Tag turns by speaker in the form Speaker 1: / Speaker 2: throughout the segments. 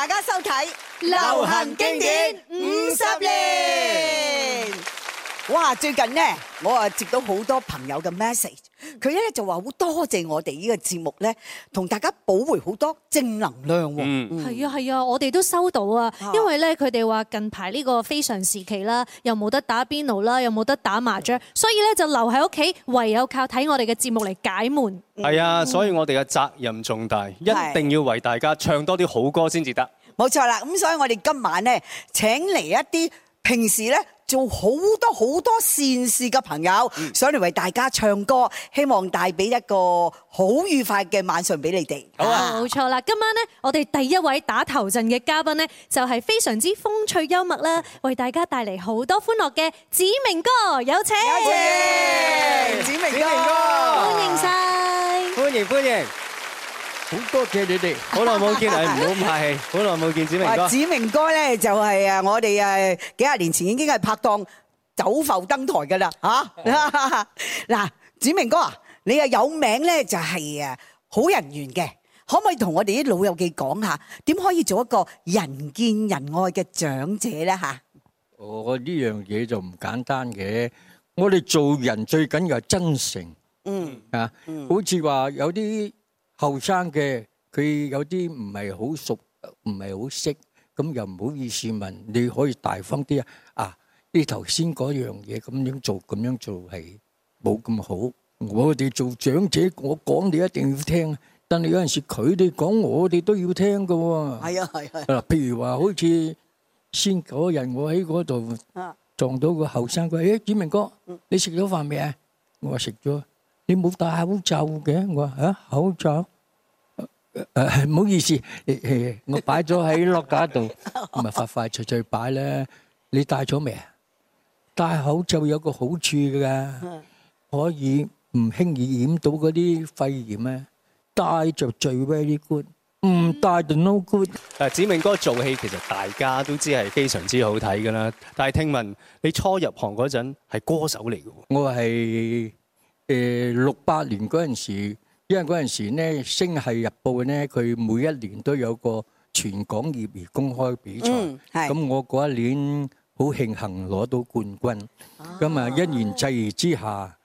Speaker 1: 大家收睇流行經典五十年。哇！最近呢，我啊接到好多朋友嘅 message，佢咧就話好多謝我哋呢個節目咧，同大家補回好
Speaker 2: 多正能
Speaker 1: 量喎。嗯，
Speaker 2: 係啊係啊，我哋都收到啊。因為呢，佢哋話近排呢個非常時期啦，又冇得打邊爐啦，又冇得打麻將，所以呢，就留喺屋企，唯有靠睇我哋嘅節目嚟解悶。係啊，所
Speaker 3: 以我哋嘅責任重大，係啊。一定要為大家唱多啲好歌先至得。
Speaker 1: 冇錯啦，咁所以我哋今晚呢，請嚟一啲平時呢。做好多好多善事嘅朋友上嚟為大家唱歌，希望帶俾一個好愉快嘅晚上俾你哋。
Speaker 2: 好啊。冇錯啦，今晚呢，我哋第一位打頭陣嘅嘉賓呢，就係非常之風趣幽默啦，為大家帶嚟好多歡樂嘅子明哥，有請。子明哥，歡迎晒，
Speaker 3: 歡迎歡迎。好多謝你哋，好耐冇見。唔好唔客氣。好耐冇見，子
Speaker 1: 明哥。子明哥咧就係啊，我哋啊幾廿年前已經係拍檔走埠登台噶啦，吓。嗱，子明哥啊，你啊有名咧就係啊好人緣嘅，可唔可以同我哋啲老友記講下，點可以做一個人見人愛嘅長者咧？吓，
Speaker 4: 我呢樣嘢就唔簡單嘅，我哋做人最緊要係真誠，嗯啊，好似話有啲。後生嘅佢有啲唔係好熟，唔係好識，咁又唔好意思問。你可以大方啲啊！啊，你頭先嗰樣嘢咁樣做，咁樣做係冇咁好。我哋做長者，我講你一定要聽。但係有陣時佢哋講，我哋都要聽㗎喎。係啊，係啊。嗱，譬如話好似先嗰日，我喺嗰度撞到個後生佢，咦？子明哥，你食咗飯未啊？我話食咗。你冇戴口罩嘅，我話嚇口罩，誒唔好意思，我擺咗喺落架度，咪快快脆脆擺啦。你戴咗未啊？戴口罩有個好處㗎，可以唔輕易染到嗰啲肺炎。戴就最 very good，唔戴就 no good。
Speaker 3: 誒子明哥做戲其實大家都知係非常之好睇㗎啦，但係聽聞你初入行嗰陣係歌手嚟㗎喎，我係。
Speaker 4: 誒六八年嗰陣時，因為嗰陣時星系日報咧，佢每一年都有個全港業餘公開比賽，咁、嗯、我嗰一年好慶幸攞到冠軍。咁啊、哦、一言制之下，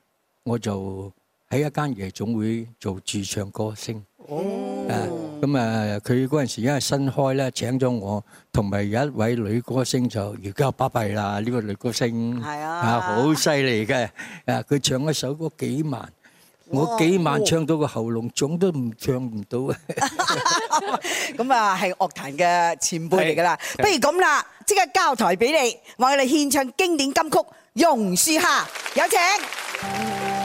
Speaker 4: 我就喺一間夜總會做駐唱歌星。哦嗯咁啊，佢嗰陣時因為新開咧，請咗我，同埋有一位女歌星就而家巴幣閉啦，呢個女歌星，是啊很的，好犀利嘅，啊，佢唱一首歌幾萬，我幾萬唱到個喉嚨腫都唔唱唔到
Speaker 1: 啊！咁啊，係樂壇嘅前輩嚟㗎啦，不如咁啦，即刻交台俾你，我哋獻唱經典金曲《榕樹下》，有請。嗯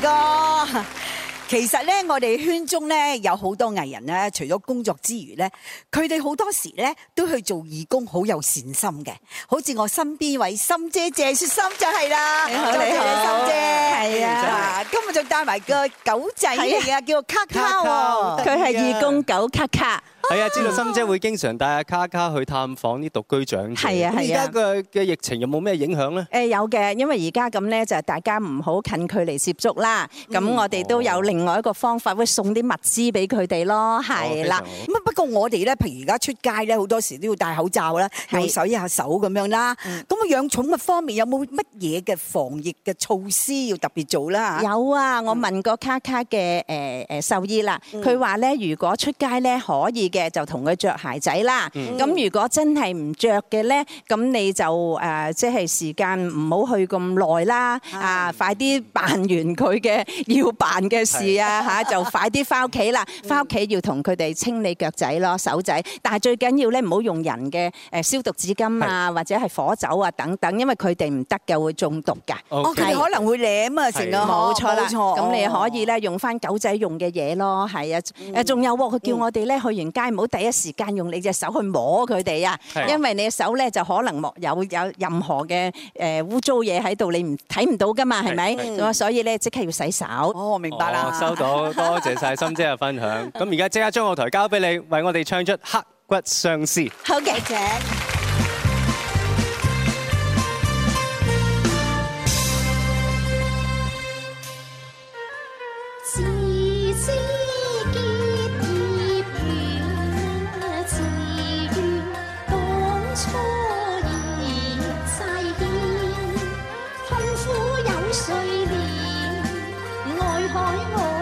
Speaker 1: 哥，其實咧，我哋圈中咧有好多藝人咧，除咗工作之餘咧，佢哋好多時咧都去做義工，好有善心嘅。好似我身邊位心姐謝雪心就係啦，你好你好，心姐係啊，今日仲帶埋個狗仔，嚟啊，叫卡卡喎，佢係卡卡，義
Speaker 5: 工狗卡卡。
Speaker 3: 係啊，知道心姐會經常帶阿卡卡去探訪啲獨居長者。係啊，係啊。而家佢嘅疫情有冇咩影響咧？
Speaker 5: 誒有嘅，因為而家咁咧就係大家唔好近距離接觸啦。咁我哋都有另外一個方法，會送啲物資俾佢哋咯。係啦。咁啊，不過我哋咧譬如而家出街咧，好多時都要戴口罩
Speaker 1: 啦，又洗下手咁樣啦。咁啊，養寵物方面有冇乜嘢嘅防疫嘅措施要特別做啦？嚇？
Speaker 5: 有啊，我問過卡卡嘅誒誒獸醫啦，佢話咧如果出街咧可以。嘅就同佢著鞋仔啦，咁如果真係唔著嘅咧，咁你就誒即係時間唔好去咁耐啦，啊快啲辦完佢嘅要辦嘅事啊嚇，就快啲翻屋企啦，翻屋企要同佢哋清理腳仔咯、手仔，但係最緊要咧唔好用人嘅誒消毒紙巾啊或者係火酒啊等等，因為佢哋唔得嘅會中毒㗎，哦佢哋可能會舐啊成㗎，冇錯啦，咁你可以咧用翻狗仔用嘅嘢咯，係啊誒仲有喎，佢叫我哋咧去完家。唔好第一時間用你隻手去摸佢哋啊，因為你隻手咧就可能冇有有任何嘅誒污糟嘢喺度，你唔睇唔到㗎嘛，係咪？咁啊，所以咧即刻要洗手。哦，我明白啦，我收到，
Speaker 3: 多謝晒心姐嘅分享。咁而家即刻將個台交俾你，為我哋唱出刻骨相思。
Speaker 5: 好嘅，謝謝。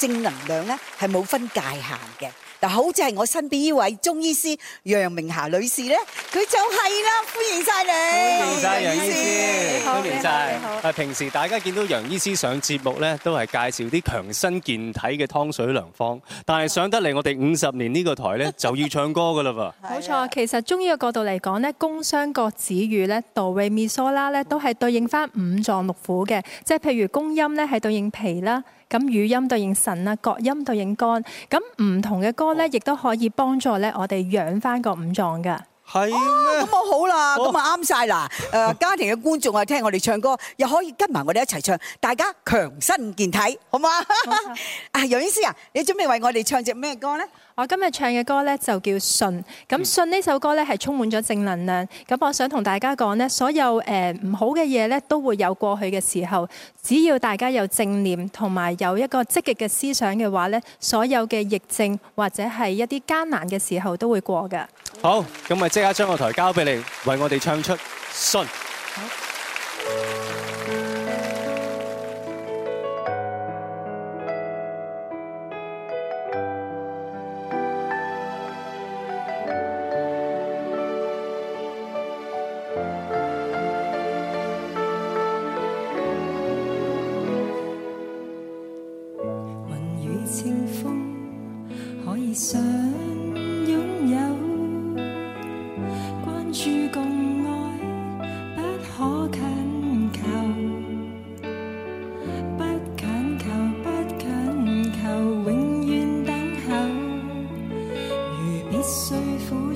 Speaker 1: 正能量咧係冇分界限嘅。但好似係我身邊呢位中醫師楊明霞女士咧，佢就係啦，歡迎晒你！歡迎曬楊醫師，好歡
Speaker 3: 迎曬。誒好，好平時大家見到楊醫師上節目咧，都係介紹啲強身健體嘅湯水良方。但係上得嚟我哋五十年呢個台咧，就要唱歌㗎啦噃。
Speaker 2: 冇錯，其實中醫嘅角度嚟講咧，工商角子語咧 do re mi sol la 咧，都係對應翻五臟六腑嘅。即係譬如宮音咧係對應脾啦，咁羽音對應腎啊，角音對應肝，咁唔同嘅歌。咧亦都可以幫助咧，我哋養翻個五臟噶。
Speaker 1: 係啊，咁我好啦，咁啊啱晒啦。誒，家庭嘅觀眾啊，聽我哋唱歌，又可以跟埋我哋一齊唱，大家強
Speaker 2: 身健體，好唔好啊？啊，楊醫師啊，你準備為我哋唱隻咩歌咧？我今日唱嘅歌呢，就叫信，咁信呢首歌呢，係充滿咗正能量。咁我想同大家講呢，所有誒唔好嘅嘢呢，都會有過去嘅時候，只要大家有正念同埋有一個積極嘅思想嘅話呢，所有嘅疫症或者係一啲艱難嘅時候都會過嘅。
Speaker 3: 好，咁啊即刻將個台交俾你，為我哋唱出信。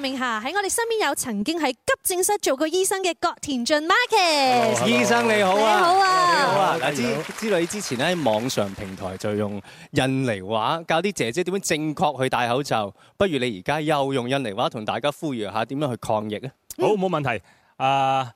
Speaker 2: 明霞喺我哋身邊，有曾經喺急症室做過醫生嘅郭田葰 Marcus 醫生 hello. 你好啊，你好啊，
Speaker 3: 知道你之前喺網上平台就用印尼話教啲姐姐點樣正確去戴口罩，不如你而家又用印尼話同大家呼籲一下點樣去抗疫好冇？好問題啊！Uh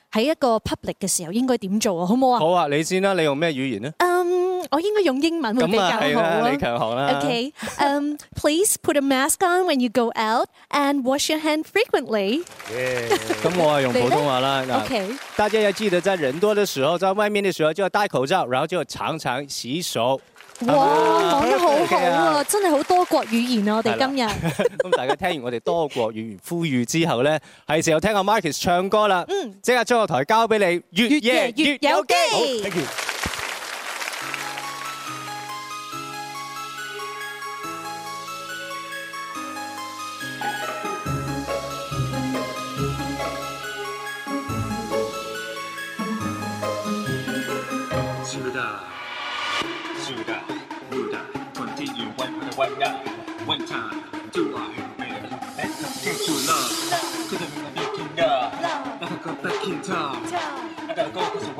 Speaker 2: 喺一個 public 嘅時候應該點做啊？好唔好啊？好啊，
Speaker 3: 你先啦，你用咩語言呢？嗯，
Speaker 2: 我應該用英文會比較好咯。咁啊，你強項啦。Okay，嗯，please put a mask on when you go out and wash your hand frequently。
Speaker 3: 咁我係用普通話啦。Okay，大家要記得，在人多的時候，在外面的時候就要戴口罩，然後就要常常洗手。哇，講得好好啊！
Speaker 2: 真係好多國語言啊，我哋今日。
Speaker 3: 咁大家聽完我哋多國語言呼籲之後咧，係時候聽阿 Marcus 唱歌啦。嗯，即刻將個台交俾你，越夜越有機。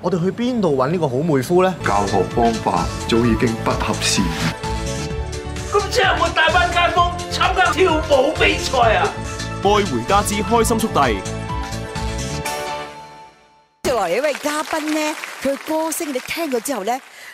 Speaker 3: 我哋去邊度揾呢個好妹夫呢？教學方法早已經不合時宜。咁
Speaker 4: 即係我帶班街坊
Speaker 6: 參加跳舞
Speaker 7: 比賽啊！愛回家之開心速遞。
Speaker 1: 又來一位嘉賓呢，佢歌聲你聽咗之後呢。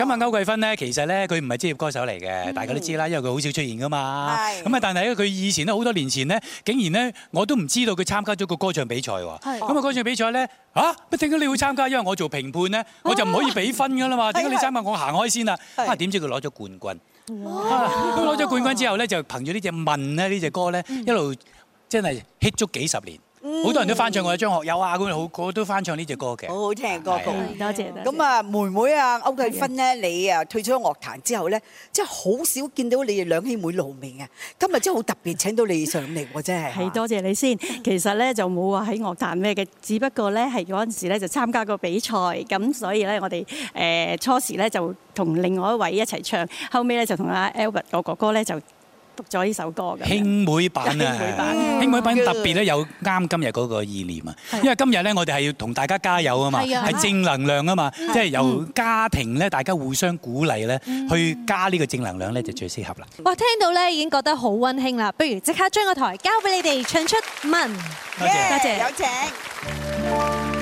Speaker 8: 咁啊，區桂芬咧，其實咧，佢唔係職業歌手嚟嘅，嗯、大家都知啦，因為佢好少出現噶嘛。咁啊，但係咧，佢以前咧，好多年前咧，竟然咧，我都唔知道佢參加咗個歌唱比賽喎。咁啊，的哦、歌唱比賽咧，啊，點解你會參加？因為我做評判咧，我就唔可以俾分噶啦嘛。點解、啊、你參加我？我行開先、啊、啦。點是的、啊、知佢攞咗冠軍？攞咗、啊啊、冠軍之後咧，就憑住呢隻問咧，呢隻歌咧，一路真係 hit 咗幾十年。好、嗯、多人都翻唱過張學友啊，咁好，都翻唱呢隻歌嘅，好
Speaker 1: 好聽嘅歌曲，多謝。咁啊，妹妹啊，區桂芬咧，對你啊退出樂壇之後咧，即係好少見到你哋兩兄妹露面啊。今日真係好特別請到你上嚟喎， 真
Speaker 2: 係。係，多謝，謝你先。其實咧就冇話喺樂壇咩嘅，只不過咧係嗰陣時咧就參加個比賽，咁所以咧我哋誒、呃、初時咧就同另外一位一齊唱，後尾咧就同阿 Albert 個哥哥咧就。咗呢首歌嘅，啊。兄
Speaker 8: 妹版啊，嗯、兄妹版特別咧，有啱今日嗰個意念啊。的因為今日咧，我哋係要同大家加油啊嘛，係的正能量啊嘛，的即係由家庭咧，大家互相鼓勵咧，去加呢個正能量咧，就最適合啦。
Speaker 2: 哇，嗯，聽到咧已經覺得好温馨啦。不如即刻將個台交俾你哋，唱出問。
Speaker 8: 多的謝、
Speaker 2: 謝，有請。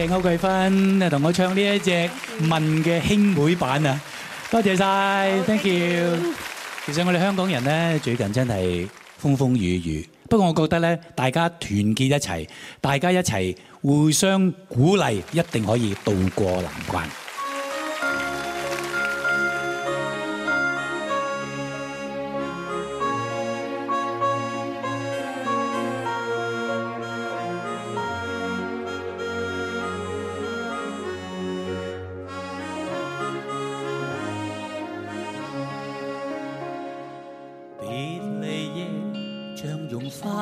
Speaker 8: 謝區桂芬啊，同我唱呢一隻《問》嘅兄妹版啊，多謝晒，thank you。其實我哋香港人呢，最近真係風風雨雨，不過我覺得呢，大家團結一齊，大家一齊互相鼓勵，一定可以渡過難關。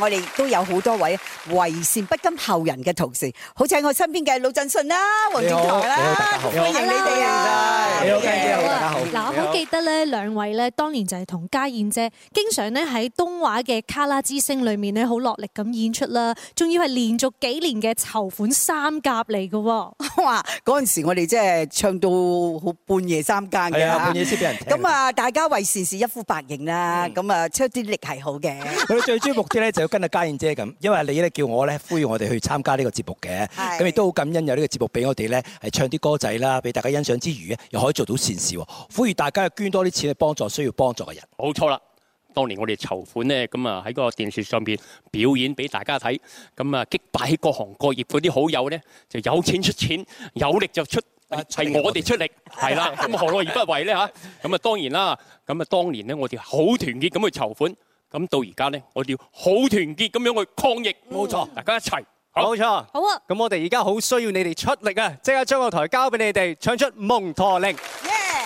Speaker 1: 我哋都有好多位為善不甘後人嘅同事，好似喺我身邊嘅魯振順啦、王俊棠啦，
Speaker 2: 歡迎你哋啊！你好，你好，大家好。嗱，我好記得咧，兩位咧，當年就係同家燕姐經常咧喺東華嘅卡拉之星裏面咧，好落力咁演出啦，仲要係連續幾年嘅籌款三甲嚟嘅。哇！嗰
Speaker 1: 陣時我哋即係唱到半夜三更嘅，半夜先俾人聽。咁啊，
Speaker 2: 大家為善是一呼
Speaker 1: 百應啦，咁啊出啲力係好嘅。
Speaker 3: 佢最終目嘅咧就～跟阿家燕姐咁，因為你咧叫我咧，呼籲我哋去參加呢個節目嘅，咁亦都好感恩有呢個節目俾我哋咧，係唱啲歌仔啦，俾大家欣賞之餘，又可以做到善事喎。呼籲大家捐多啲錢去幫助需要幫助嘅人。冇錯啦，當年我哋籌款咧，咁啊喺個電視上邊表演俾大家睇，咁啊擊敗各行各業嗰啲好友咧，就有錢出錢，有力就出，係我哋出力，係啦，咁了是的 何樂而不為咧吓，咁啊當然啦，咁啊當年咧我哋好團結咁去籌款。咁到而家呢，我哋要好團結咁樣去抗疫，冇錯，嗯、大家一齊，冇錯，好啊！咁我哋而家好需要你哋出力啊！即刻將個台交俾你哋，唱出夢駝鈴，耶。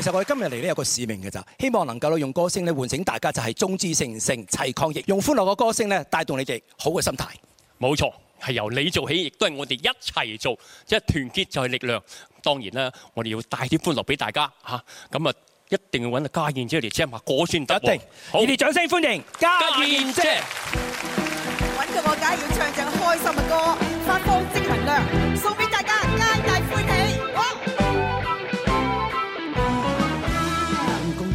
Speaker 3: 其實我哋今日嚟呢，有個使命㗎咋，希望能夠用歌聲咧喚醒大家就是中性性，就係眾志成城齊抗疫，用歡樂嘅歌聲咧帶動你哋好嘅心態。冇錯，係由你做起，亦都係我哋一齊做，即係團結就係力量。當然啦，我哋要帶啲歡樂俾大家吓，咁啊就一定要揾阿家燕姐嚟，只係話果算得定，好，熱烈掌聲歡迎家燕姐，揾咗我梗係要唱隻開心嘅
Speaker 1: 歌，發光發亮。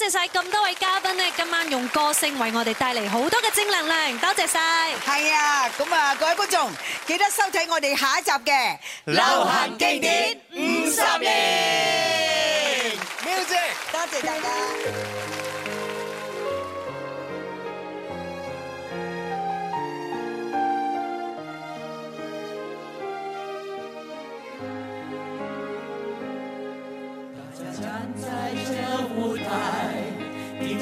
Speaker 2: 多謝曬咁多位嘉賓咧，今晚用歌聲為我哋帶嚟好多嘅正能量，多謝曬。係啊，咁啊，各位觀眾記得收睇我哋
Speaker 1: 下一集嘅流行經典五十年。music，多謝大家。